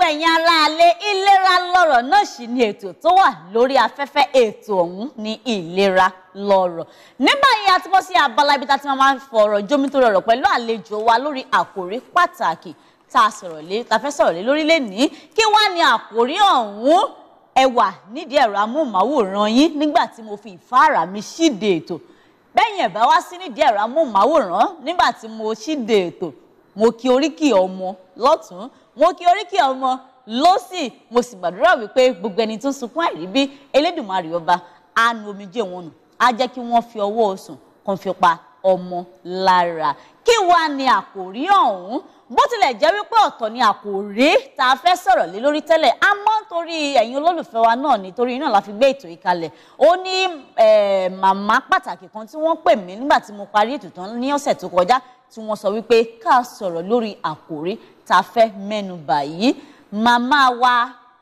gbogbo ẹ̀yin aláàlé ìlera lọ́rọ̀ náà sì ni ètò tó wà lórí afẹ́fẹ́ ètò ọ̀hún ní ìlera lọ́rọ̀ ní báyìí a ti bọ́ sí abala ibi tá a ti máa fọ̀rọ̀ jómítóró ọ̀rọ̀ pẹ̀lú àlejò wa lórí àkòrí pàtàkì tá a sọ̀rọ̀ lé tá a fẹ́ sọ̀rọ̀ lé lórí lénìí kí wá ni àkòrí ọ̀hún ẹwà nídìí ẹ̀rọ amóhùnmáwòrán yín nígbà tí mo fi ìfáàrà mi ṣíde ètò bẹ́yìn ẹ̀bá wá sí nídìí ẹ̀rọ amóhùnmáwòrán nígbà tí mo ṣíde ètò mo kí oríkì ọmọ lọ́tún mo kí oríkì ọmọ lọ́sìn mo sì gbàdúrà wípé gbogbo ẹni tó ń sunkún àìríbí Elédùmarè ọba á nu omijé wọn nù á jẹ́ kí wọ́n fi ọwọ́ sùn kàn fi pa ọmọ lára kí wàá ní àkòrí ọ̀hún bó tilẹ̀ jẹ́ wípé ọ̀tọ̀ ni àkòrí tá a fẹ́ sọ̀rọ̀ lé lórí tẹ́lẹ̀ àmọ́ torí ẹ̀yin olólùfẹ́ wa náà nítorí náà la fi gbé ètò yìí kalẹ̀ ó ní eh, màmá pàtàkì kan tí wọ́n pè mí nígbà tí mo parí ètò tán ní ọ̀sẹ̀ tó kọjá tí wọ́n sọ wípé ká sọ̀rọ̀ lórí àkòrí tá fẹ́ mẹ́nu báyìí màmá wa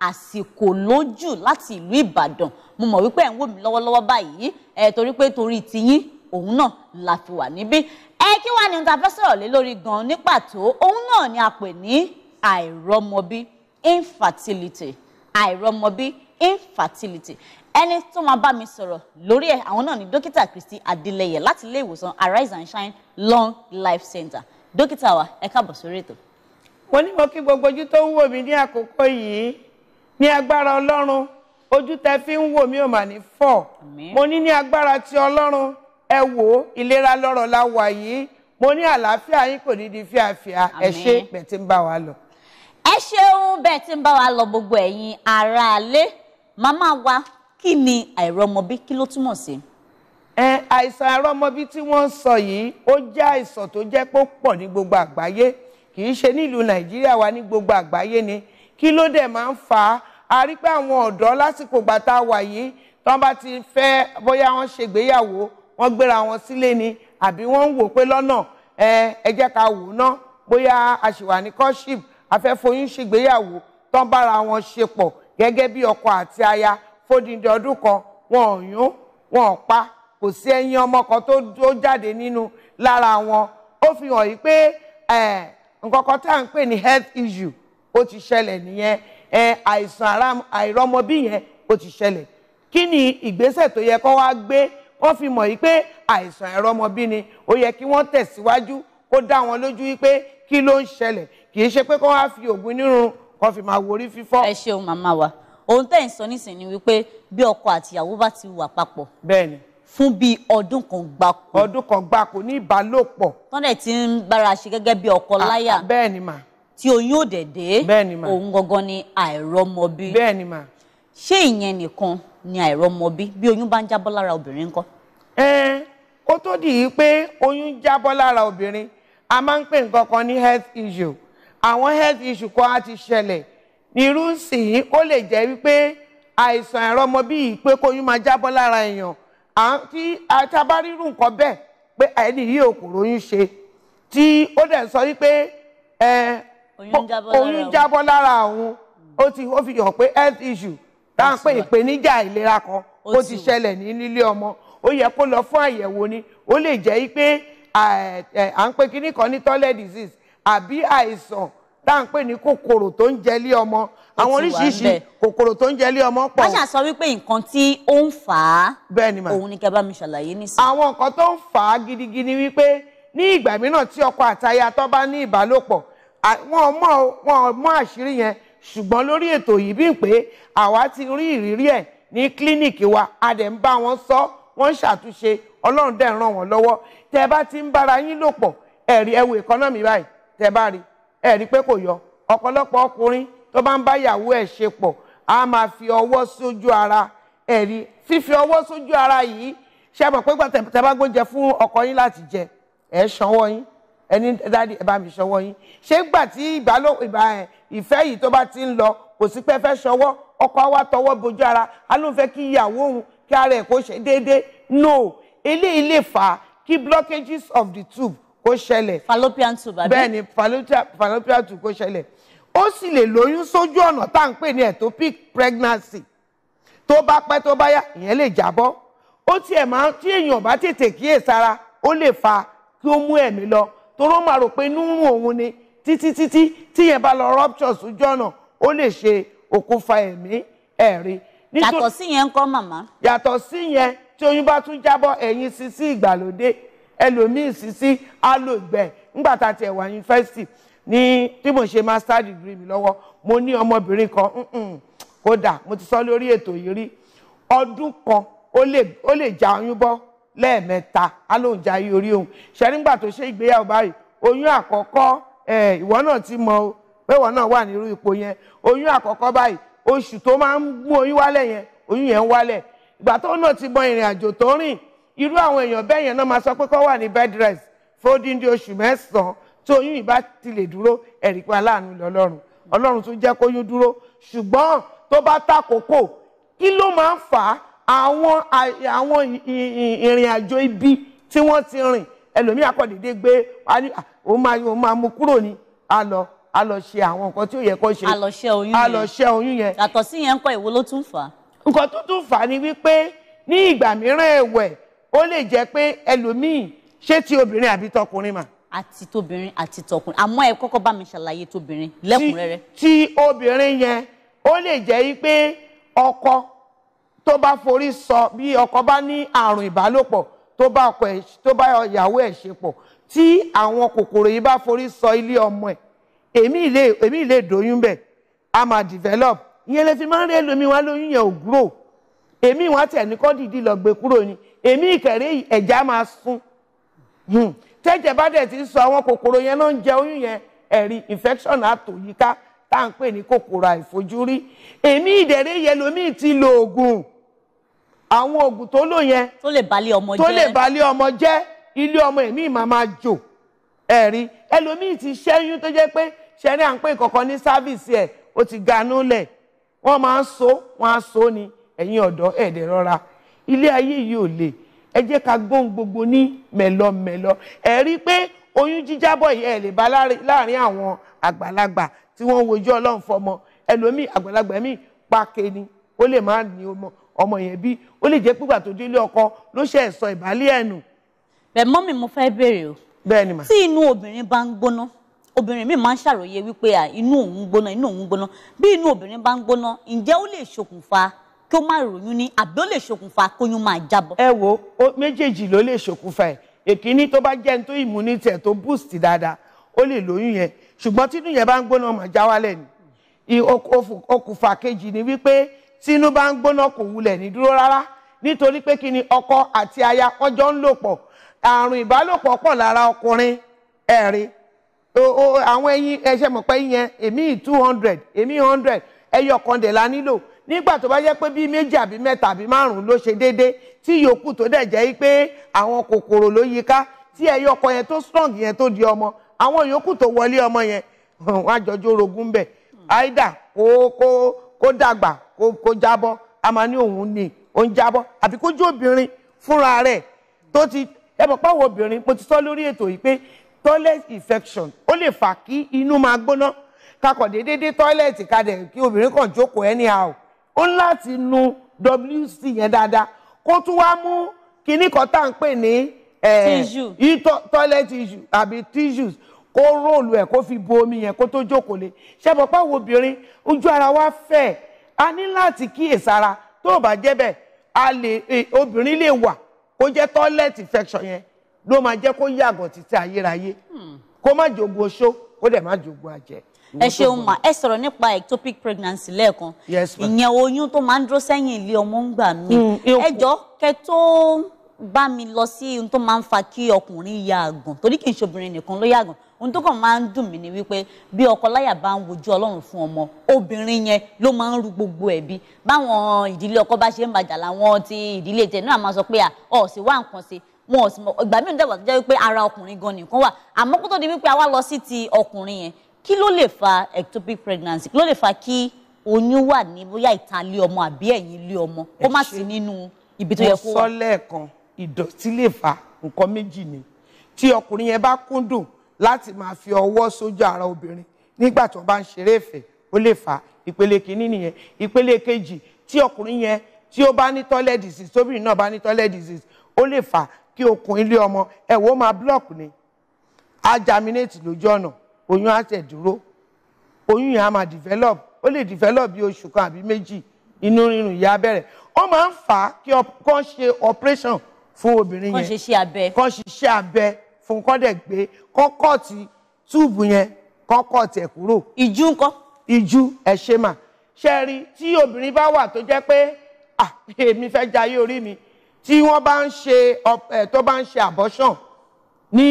àsìkò lójú láti ìlú Ìbàdàn mo mọ̀ wípé ẹ̀ ń wò mí lọ́wọ́lọ́wọ́ báyìí ẹ̀ torí pé torí tiyín òun náà la fi wà níbí ẹ kí wàá ní ohun tá a fẹ́ sọ̀rọ̀ lé lórí gan ní pàtó òun náà ni a pè ní àìrọ́mọbí infertility àìrọ́mọbí infertility ẹni tó máa bá mi sọ̀rọ̀ lórí ẹ̀ àwọn náà ni dókítà Kristi Adélẹyẹ láti ilé ìwòsàn Arise and Shine Long Life Center dókítà wa ẹ káàbọ̀ sórí ètò. mo ní mo kí gbogbo ojú tó ń wò mí ní àkókò yìí ní agbára Ọlọ́run ojú tẹ fi ń wò mí ò mà ní fọ́ mo ní ní agbára ti Ọlọ́run ẹ wò ìlera lọ́rọ̀ la wà yìí mo ní àlàáfíà yín kò ní di fíàfíà ẹ ṣé bẹ́ẹ̀ tí ń bá wa lọ. ẹ ṣeun bẹ́ẹ̀ tí ń bá wa lọ gbogbo ẹ̀yin aráalé màmá wa kí ni àìrọ́mọbí kí ló túmọ̀ sí. ẹ àìsàn àìrọ́mọbí tí wọ́n ń sọ yìí ó jẹ́ àìsàn tó jẹ́ pé ó pọ̀ ní gbogbo àgbáyé kì í ṣe nílùú nàìjíríà wa ní gbogbo àgbáyé ni kí ló dẹ̀ máa ń fà á a rí pé àwọn ọ̀dọ́ lásìkò ìgbà tá a wà yìí tí wọ́n bá ti fẹ́ bóyá wọ́n ṣègbéyàwó wọ́n gbéra wọn sílé ni àbí wọ́n ń wò pé lọ́nà ẹ jẹ́ ká wò ná bóyá a ní courtship a fẹ́ foyún ṣègbéyàwó bára wọn ṣe pọ̀ gẹ́gẹ́ bí ọkọ àti aya fódìndín ọdún kan wọn ò yún wọn ò pa kò sí ẹyin ọmọ kan tó jáde nínú lára wọn ó fi hàn yìí pé nǹkan kan tá à ń pè ní health issue ó ti ṣẹlẹ̀ nìyẹn àìsàn àìrọ́mọbí yẹn ó ti ṣẹlẹ̀ kí ni ìgbésẹ̀ tó yẹ kó wá gbé wọ́n fi mọ̀ yìí pé àìsàn àìrọ́mọbí ni ó yẹ kí wọ́n tẹ̀síwájú kó dá wọn lójú wípé kí ló ń ṣẹlẹ̀ kì í ṣe pé kó wá fi oògùn nírun kó fi máa worí fífọ́. ẹ ṣeun màmá wa ohun tẹ́ ń sọ nísìnyí wípé bí ọkọ àtìyàwó bá ti wà papọ̀. bẹ́ẹ̀ni fún bíi ọdún kan gbáko. ọdún kan gbáko ní ìbálòpọ̀. tọ́ndẹ̀ ti ń bára ṣe gẹ́gẹ́ bí ọkọ ah, ah, láyà. bẹ́ẹ̀ ni mà. tí oyún ò dẹ̀ dé. bẹ́ẹ̀ ni mà. òun gangan ni àìrọ́mọbí. bẹ́ẹ̀ ni mà. ṣé ìyẹn nìkan ni àìrọ́mọbí bí oyún bá ń jábọ́ lára obìnrin ńkọ́. ẹ ẹ kó tó dì í pé oyún jábọ́ lára obìnrin a máa ń pè nǹkan health issue àwọn health issue kan á irú sìn ó lè jẹ́ wípé àìsàn àìrọ́mọ bíi pé kóyún máa jábọ́ lára èèyàn tí a bá rírú nǹkan bẹ́ẹ̀ pé ẹni yìí ò kò lóyún ṣe tí ó dẹ̀ sọ wípé oyún jábọ́ lára òun ó ti ó fi hàn pé health issue tá à ń pè ìpèníjà ìlera kan ó ti ṣẹlẹ̀ ní nílé ọmọ ó yẹ kó lọ fún àyẹ̀wò ni ó lè jẹ́ pé à ń pè kíní kan ní toilet disease àbí àìsàn tá à ń pè ní kòkòrò tó ń jẹlé ọmọ àwọn oríṣiríṣi kòkòrò tó ń jẹlé ọmọ pọ̀. máṣà sọ wípé nǹkan tí ó ń fà á òun ni kẹ bá mi ṣàlàyé nísìnyí. àwọn nǹkan tó ń fà á gidigidi wípé ní ìgbà mìíràn tí ọkọ àtaya tó bá ní ìbálòpọ̀ wọn mọ wọn mọ àṣírí yẹn ṣùgbọ́n lórí ètò yìí bí pé àwa ti rí ìrírí ẹ̀ ní kílíníìkì wa a dẹ̀ ń bá wọn sọ wọ́n ń ṣàtúnṣe ọlọ́run dẹ̀ ràn wọ́n lọ́wọ́ tẹ́ bá ti ń bára yín lò pọ̀ ẹ̀rí ẹ̀wò ìkọ́nọ́mì báyìí tẹ́ bá rí i ẹ rí pé kò yọ ọ̀pọ̀lọpọ̀ ọkùnrin tó bá ń bá ìyàwó ẹ̀ ṣe pọ̀ a máa fi ọwọ́ sójú ara ẹ rí fífi ọwọ́ sójú ara yìí ṣe mọ̀ pé tẹ́ bá gbóúnjẹ fún ọkọ yín láti jẹ ẹ ṣanwọ́ yín ẹni dáàdi ẹ bá mi ṣọwọ́ yín ṣé gbà tí ìfẹ́ yìí tó bá ti ń lọ kò sí pé fẹ́ ṣọwọ́ ọkọ wa tọwọ́ bojú ara a ló ń fẹ́ kí ìyàwó òun kí ara ẹ̀ kó ṣe déédéé no eléyìí lè fà á kí blockages of the tube kó ṣẹlẹ̀ fallopian tube àbí bẹ́ẹ̀ ni fallopian tube kó ṣẹlẹ̀ ó sì lè lóyún sójú ọ̀nà tá à ń pè ní ectopic pregnancy tó bá pẹ́ tó bá yá ìyẹn lè jábọ́ ó tiẹ̀ máa tí èèyàn bá tètè kíyèsára ó lè fa kí ó mú ẹ̀mí lọ toró máa rò pé inú ń rùn òun ni títí títí tí yẹn bá lọ rupture sójú ọ̀nà ó lè ṣe òkúfa ẹ̀mí ẹ̀rí. yàtọ̀ sí yẹn ń kọ́ màmá. yàtọ̀ sí yẹn tí oyún bá tún jábọ́ ẹ̀yìn sisi ìgbàlódé ẹlòmíì sísí alògbẹ ńgbà tá a ti wà yunifásitì ní tí mo ṣe master degree mi lọwọ mo ní ọmọbìnrin kan kódà mo ti sọ lórí ètò yìí rí ọdún kan ó lè ja oyún bọ́ lẹ́ẹ̀mẹ́ta alóhùnjà yìí orí òun ṣẹ́rí ńgbà tó ṣe ìgbéyàwó báyìí oyún àkọ́kọ́ ìwọ náà ti mọ o pé ìwọ náà wà nírú ipò yẹn oyún àkọ́kọ́ báyìí oṣù tó máa ń mú oyún wálẹ̀ yẹn oyún yẹn ń wálẹ̀ ìgbà tó náà ti mọ ìrìn àjò tó rìn irú àwọn èèyàn bẹ́ẹ̀ yẹn náà máa sọ pé kó wà ní bed rest fódìndí oṣù mẹ́sàn-án tó oyún ìbá ti lè dúró ẹ̀rí pé aláàánú lọ́lọ́run ọlọ́run tún jẹ́ kóyún dúró ṣùgbọ́n tó bá tàkókò kí ló máa ń fà á àwọn ìrìn àjò ibi tí wọ́n ti rìn ẹlòmíì akọ̀dédé gbé òun máa mú kúrò ní àlọ́ àlọ́ ṣe àwọn nǹkan tí ó yẹ kó ṣe àlọ́ ṣe oyún yẹn yàtọ̀ sí yẹn ń kọ́ ìwo ló tún fà á. nǹkan tó tún fà á ni wípé ní ìgbà mìíràn ẹ̀wẹ̀ ó lè jẹ́ pé ẹlòmíì ṣé ti obìnrin àbí tọkùnrin mà. àti tóbìnrin àti tọkùnrin àmọ́ ẹ kọ́kọ́ bá mi ṣàlàyé tóbìnrin lẹ́kùnrẹ́rẹ́. ti obìnrin yẹn ó lè jẹ́ pé ọkọ tó bá forí sọ bí ọkọ bá ní àrùn ìbálòpọ̀ tó bá ọkọ ẹ̀ tó bá ìyàwó ẹ̀ ṣe pọ̀ tí àwọn kòkòrò yìí bá forí sọ ilé ọmọ ẹ̀ èmi ìlé èmi ìlé dòyún bẹ̀ a máa develop ìyẹn lè fi máa ń rí ẹlòmíì wá lóyún yẹn ò gúrò èmi ìwọ̀n àti ẹ̀nìkan dìdí lọ gbé kúrò ni èmi ìkẹ̀rẹ́ yìí ẹ̀já máa sún hmm. tẹ́jẹ̀ bá dẹ̀ ti sọ àwọn kòkòrò yẹn náà ń jẹ oyún yẹn ẹ̀rí infection àtò yíká tá à ń pè ní kòkòrò àìfojúrí èmi ìdẹ̀rẹ́ yẹn lomi ti lo oògùn àwọn oògùn tó lò yẹn tó lè balẹ̀ ọmọ jẹ́ tó lè balẹ̀ ọmọ jẹ́ ilé ọmọ èmi máa máa jò ẹ̀rí ẹlòmíì ti ṣẹ́yún tó jẹ́ pé ṣẹ́rí à ń pè kọ̀ọ̀kan ní sáfìsì ẹ̀ ó ti ganú lẹ̀ wọ́n máa ń so wọ́n á so ni ẹ̀yin ọ̀dọ́ ẹ̀ẹ́dẹ̀ ilé ayé yìí ò lè ẹ jẹ́ ká gbóhùn gbogbo ní mẹ̀lọmẹ̀lọ ẹ rí i pé oyún jíjábọ̀ yìí ẹ lè bá láàrin àwọn àgbàlagbà tí wọ́n wojú ọlọ́run fọmọ ẹlòmíì àgbàlagbà míì pàkè ni ó lè má ní ọmọ yẹn bí ó lè jẹ́ pípa tó délé ọkọ ló ṣe ẹ̀ ìbálẹ̀ ẹ̀nù. bẹ́ẹ̀ mọ́mì mo fẹ́ béèrè o bẹ́ẹ̀ni ma tí inú obìnrin bá ń gbóná obìnrin mi máa ń ṣàròyé wípé inú òun gbóná inú òun gbóná bí inú obìnrin bá ń gbóná ǹjẹ́ ó lè ṣokùnfà kí ó má ròyún ní àbí ó lè ṣokùnfà kóyún máa jábọ́. ẹ wo méjèèjì ló lè ṣokùnfà ẹ èkíní tó bá jẹ́ ní tó immunity ẹ̀ tó boost dáadáa ó lè lóyún yẹn ṣùgbọ́n tínú yẹn bá ń gbóná máa já wálẹ̀ ni okùnfà kejì ni wípé tínú bá ń gbóná kò wulẹ̀ ní dúró rárá nítorí pé kí ni ọkọ àti aya wọn jọ ń lò pọ̀ àrùn ìbálòpọ̀ pọ̀ lára ọkùnrin ẹ̀rin àwọn ẹyin ẹṣẹ mọ̀ pé yẹn èmi two hundred èmi hundred ẹyọ kan dẹ̀ la nílò nígbà tó bá jẹ́ pé bíi méjì àbí mẹ́ta àbí márùn-ún ló ṣe déédéé tí yòókù tó dẹ̀ jẹ́ pé àwọn kòkòrò ló yíká tí ẹyọ ọkọ yẹn tó strong yẹn tó di ọmọ àwọn yòókù tó wọlé ọmọ yẹn wọn àjọjọ orogún bẹ̀ àìdá kó kó kó dàgbà kó kó jábọ́ a máa ní òun ni ó ń àbí kó jẹ́ obìnrin fúnra rẹ̀ tó ti ẹ mọ̀ pàwọ̀ obìnrin mo ti sọ lórí ètò yìí pé toilet infection ó lè fà kí inú máa gbóná kakọ̀ déédéé toilet kadẹ̀ kí obìnrin kàn jókòó anyhow ó ń láti nu wc yẹn dáadáa kó tún wá mú kinní kan tá à ń pè ní toilet tissue àbí tissues kó róòlù ẹ̀ kó fi bo omi yẹn kó tó jókòó lé ṣẹ́bọ̀ páwo obìnrin ojú ara wa fẹ̀ a ní láti kíyèsára tó o bá jẹ́ bẹ́ẹ̀ a lè e, obìnrin lè wà kó jẹ́ toilet infection yẹn ló máa jẹ́ kó yàgò títí ayérayé hmm. kó má jogun oṣó kó dẹ̀ má jogun àjẹ́ ẹ ṣeun mà ẹ sọ̀rọ̀ nípa ectopic pregnancy lẹ́ẹ̀kan ìyẹn oyún tó máa ń dúró sẹ́yìn ilé ọmọ ń gbà mí mm, ẹ jọ kẹ́ tó bá mi lọ sí ohun tó máa ń fa kí ọkùnrin ya àgàn torí kì í ṣobìnrin nìkan ló yàgàn ohun tó kàn máa ń dùn mí ni wípé bí ọkọ láyà bá ń wojú Ọlọ́run fún ọmọ obìnrin yẹn ló máa ń ru gbogbo ẹ̀bi báwọn ìdílé ọkọ bá ṣe ń bàjà làwọn ti ìdílé tẹ náà máa sọ pé ọ sì wá nǹkan ṣe wọn ò sì mọ ìgbà mìíràn dàgbà tó jẹ́ wípé ara ọkùnrin gan nìkan wà àmọ́ kó tó di wípé a wá lọ sí ti ọkùnrin yẹn kí ló lè fa ectopic pregnancy kí ló lè fa kí oyún wà ní bóyá ìta lé ọmọ àbí ẹ̀yìn lé ọmọ kó má sí nínú ibi tó yẹ kó wà. mo sọ lẹ́ẹ̀kan ìdọ̀tí lè fa nǹkan méjì ni tí ọkùnrin yẹn bá kúndùn láti máa fi ọwọ́ sójú ara obìnrin nígbà tó bá ń ṣeré ìfẹ́ ó lè fa ìpele kìíní nìyẹn ìpele kejì tí ọkùnrin yẹn tí ó bá ní toilet disease tóbìnrin náà bá ní toilet disease ó lè fa kí okùn ilé ọmọ ẹ̀wọ́ máa block ni á germinate lójú ọ̀nà oyún á tẹ̀ dúró oyún yẹn á máa develop ó lè develop bí oṣù kan àbí méjì inú rírun ìyá bẹ̀rẹ̀ ó máa ń fà á kí kán ṣe operation fún obìnrin yẹn kán ṣiṣẹ́ abẹ kán ṣiṣẹ́ abẹ fún kán dẹ̀ gbé kán kọ́ọ̀tì túùbù yẹn kán kọ́ọ̀tì ẹ̀ kúrò. ìjú ńkọ́. ìjú ẹ ṣe mà ṣe rí tí obìnrin bá wà tó jẹ́ pé ah èmi fẹ́ jayé orí mi tí wọ́n bá ń ṣe tó bá ń ṣe abortion ní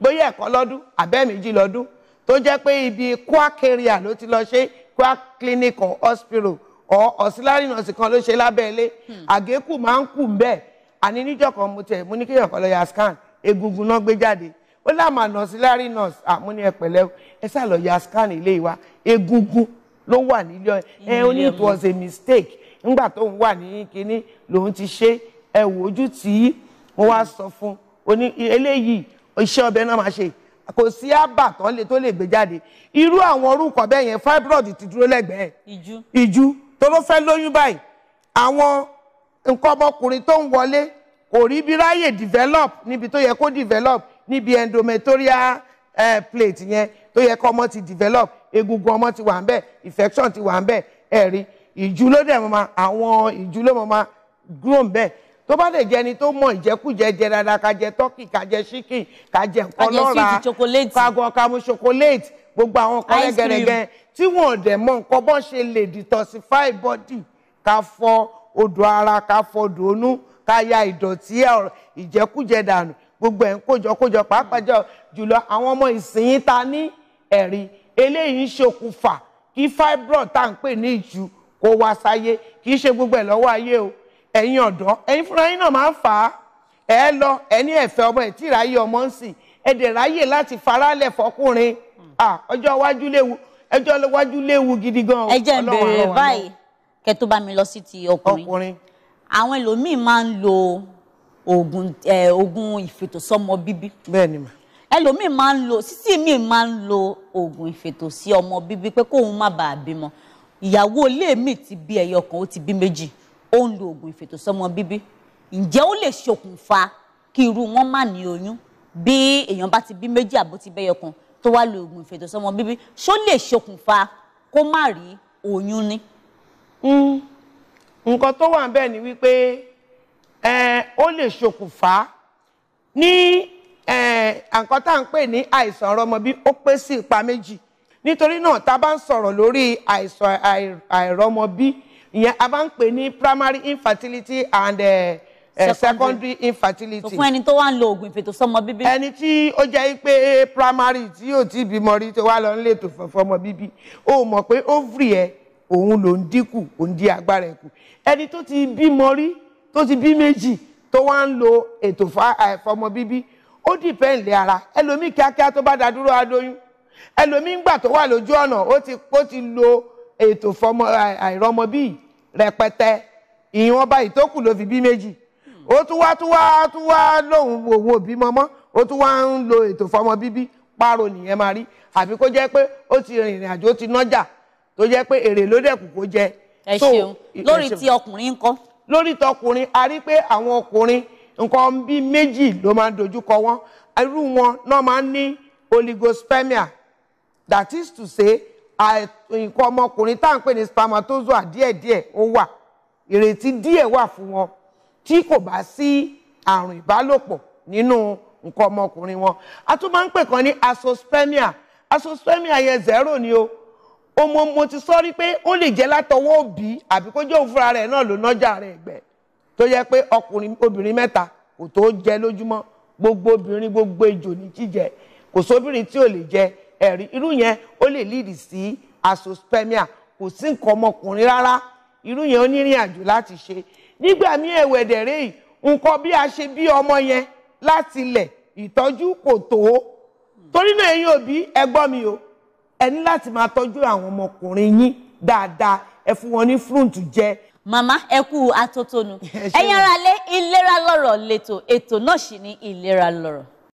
bóyá ẹ̀kan lọ́dún àbẹ́ẹ̀méjì lọ́dún tó jẹ́ pé ibi quack area ló ti lọ ṣe quack clinic or hospital or auxiliary nurse kan ló ṣe lábẹ́lé hmm. àgékù máa ń kù bẹ́ẹ̀ àní níjọ́ kan mo tẹ̀ mo ní kéèyàn kan lọ ya scan egungun náà gbé jáde ó láàmà auxiliary nurse àmú ní ẹ sá lọ ya scan ilé wa egungun ló wà nílé ẹ ó ní it was a mistake nígbà tó ń wà ní kinní lòun ti ṣe ẹ wò ojú tì í mo wá sọ fún un eléyìí iṣẹ́ ọbẹ̀ náà máa ṣe kò sí àbà tó lè tó lè gbé jáde irú àwọn orúkọ bẹ́ẹ̀ yẹn fibroid ti dúró lẹ́gbẹ̀ẹ́ ìjú ìjú tó ló fẹ́ lóyún báyìí àwọn nǹkan ọmọkùnrin tó ń wọlé kò rí bí ráyè develop níbi tó yẹ kó develop níbi endometrial eh, plate yẹn tó yẹ kó ọmọ ti develop egungun ọmọ ti wà ń bẹ infection ti wà ń bẹ ẹ̀rí ìjú ló dẹ̀ mọ́ ma àwọn ìjú ló mọ́ ma grow bẹ́ẹ̀ tó bá lè jẹni tó mọ ìjẹkújẹ jẹ dáadáa ká jẹ tọ́kì ká jẹ ṣíkì ká jẹ nǹkan lọ́ra ká gan mu ṣokoléètì gbogbo àwọn kan lẹ́gẹ̀rẹ̀gẹ̀ tí wọ́n dẹ̀ mọ nǹkan bọ́n ṣe lè detoxify body ká fọ odò ara ká fọ dòónú ká ya ìdọ̀tí ìjẹkújẹ dànù gbogbo ẹ̀ ń kójọkójọ pàápàá jùlọ àwọn ọmọ ìsìn ta ní ẹ̀rí eléyìí ń ṣokùnfà kí fibroid tá à ń pè ní ìjù kó wá sáyé kì í ṣe gbogbo ẹ̀ lọ́wọ́ ayé o ẹ̀yin ọ̀dọ́ ẹ̀yin fúnra yín náà máa ń fà á ẹ lọ ẹ ní ẹ̀fẹ́ ọmọ ẹ̀ tí ìráyè ọmọ ń sìn ẹ dẹ̀ ráyè láti faralẹ̀ fọkùnrin ọjọ́ iwájú léwu ẹjọ́ iwájú léwu gidi gan ọlọ́run àwọn. ẹ jẹ́ ń báyìí kẹ́ tó bá mi lọ sí ti ọkùnrin àwọn ẹlòmíín máa ń lo oògùn oògùn ìfètòsọ́mọ bíbí. bẹ́ẹ̀ni ma. ẹlòmíín máa ń lo sísí mi máa ń lo oògùn ìfètòsí ọmọ bíbí pé kóun má bàa bímọ ìyàwó ilé mi ti bí ẹyọ ó ti bí méjì ó ń lo oògùn ìfètòsọ́mọ bíbí ǹjẹ́ ó lè ṣokùnfà kí irú wọn má ní oyún bí èèyàn bá ti bí méjì àbó ti bẹ́yọ kan tó wá lo oògùn ìfètòsọ́mọ bíbí ṣó lè ṣokùnfà kó má rí oyún ní. Hmm. nǹkan tó wà ń ni wípé ó lè ṣokùnfà ní àǹkan tá à ń pè ní àìsàn ọ̀rọ̀mọbí ó pé sí ipa méjì nítorí náà tá a bá ń sọ̀rọ̀ lórí àìsàn àìrọ́mọbí ìyẹn a máa ń pè ní primary infertility and uh, secondary. secondary infertility. fún ẹni tó wá ń lo oògùn ìfètòsọ́mọ bíbí. ẹni tí ó jẹ́ pé primary tí yóò ti bímọ rí tó wá lọ ń lè tò fọ́mọ bíbí ó mọ̀ pé ovary ẹ̀ òun ló ń dínkù òun di agbára ẹ̀ kù ẹni tó ti bímọ rí tó ti bí méjì tó wá ń lo ètò fọ́mọ eh, bíbí ó dìpẹ́ ǹlẹ̀ ara ẹlòmíì kíákíá tó bá dá dúró adóyún ẹlòmíì ńgbà tó wà lójú ọ̀nà ó ti lo ètò fọmọ àìrọmọbí rẹpẹtẹ ìwọn báyìí tó kù ló fi bí méjì ó tún wá tún wá tún wá lóhùn òun òbí mọmọ ó tún wá ń lo ètò fọmọ bíbí páàrọ̀ nìyẹn máa rí àfi kó jẹ́ pé ó ti rìnrìn àjò ó ti nájà tó jẹ́ pé èrè ló dẹ̀kù kó jẹ. ẹ ṣeun lórí ti ọkùnrin ńkọ́. lórí ti ọkùnrin a rí pé àwọn ọkùnrin nǹkan bí méjì ló máa ń dojúkọ wọn irú wọn náà máa ń ní oligospermia that is to say nǹkan ọmọkùnrin tá à ń pè ní spermatozoa díẹ̀díẹ̀ ó wà ìrètí díẹ̀ wà fún wọn tí kò bá sí àrùn ìbálòpọ̀ nínú nǹkan ọmọkùnrin wọn a tún máa ń pè kan ní azoospermia azoospermia yẹn zero ni o o mo mo ti sọ rí pé ó lè jẹ́ látọwọ́ òbí àbí kó jẹ́ òun fúnra rẹ̀ náà ló nájà rẹ̀ gbẹ̀ tó yẹ pé ọkùnrin obìnrin mẹ́ta kò tó jẹ lójúmọ́ gbogbo obìnrin gbogbo ejò ní jíjẹ kò sóbìnrin tí ò lè jẹ ẹ̀rí irú yẹn ó lè líìdì sí asospemia kò sí nǹkan ọmọkùnrin rárá irú yẹn ó ní ìrìn àjò láti ṣe nígbà míì ẹ̀wẹ̀dẹ̀rẹ́ yìí nǹkan bí a ṣe bí ọmọ yẹn láti ilẹ̀ ìtọ́jú kò tó torí náà ẹ̀yin òbí ẹ gbọ́ mi o ẹ ní láti máa tọ́jú àwọn ọmọkùnrin yín dáadáa ẹ fún wọn ní frúǹtù jẹ. màmá ẹ kú atótónu ẹ̀yin aráalé ìlera lọ́rọ̀ lẹ́tọ̀ ètò náà sì ní ìlera lọ́rọ̀.